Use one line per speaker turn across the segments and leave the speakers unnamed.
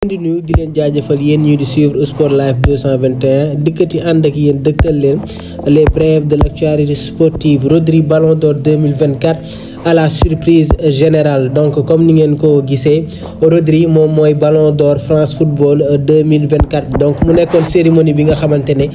di nuyu di leen jaajëfal yéen ñuy di suivre Sport Life 221 dikkati ànd ak yéen dëgtal leen les brèves de l'actualité sportive Rodri Ballon d'Or 2024 à la surprise générale donc comme ni ngeen ko gisee Rodri moom mooy Ballon d'Or France Football 2024 euh, donc mu nekkoon cérémonie bi nga xamante ne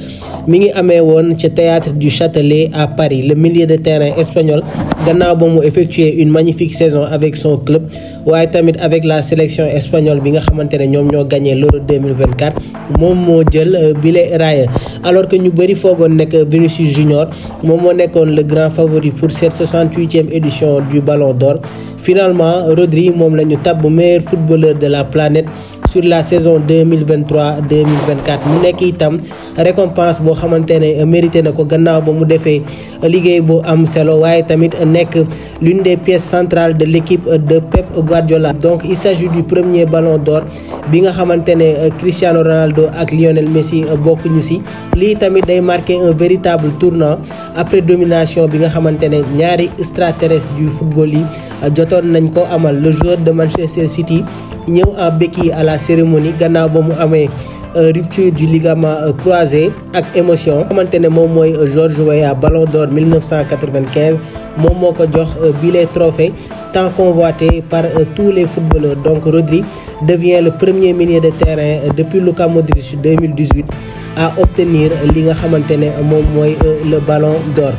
mi ngi amee woon ca théâtre du Châtelet à Paris le milieu de terrain espagnol gannaaw ba mu effectué une magnifique saison avec son club waaye tamit avec la sélection espagnole bi nga xamante ne ñoom ñoo gagné l'Euro 2024 moom moo jël euh, bile raaya alors que ñu bëri foogoon nekk Vinicius Junior moom moo nekkoon le grand favori pour cette 68e édition d'or du Ballon d'or Finalement, Rodri moom la ñu tabb meilleur footballeur de la planète sur la saison 2023-2024 mu nekk itam récompense boo xamante ne mérité na ko gannaaw ba mu defee liggéey bu am selo waaye tamit nekk l'une des pièces centrales de l'équipe de Pep Guardiola. Donc il s'agit du premier ballon d'or bi nga xamante ne Cristiano Ronaldo ak Lionel Messi bokk ñu ci lii tamit day marquer un véritable tournant après domination bi nga xamante ne ñaari extraterrestres du yi. jotoon nañ ko amal le joueur de Manchester City ñëw en béquille à la cérémonie gannaaw ba mu amee euh, rupture du ligament euh, croisé ak émotion xamante ne moom mooy euh, George Weah Ballon d'Or 1995 moom moo ko jox bi les trophées tant convoité par tous les footballeurs donc Rodri devient le premier milieu de terrain depuis Luka Modric 2018 à obtenir li nga xamante ne moom mooy le Ballon d'Or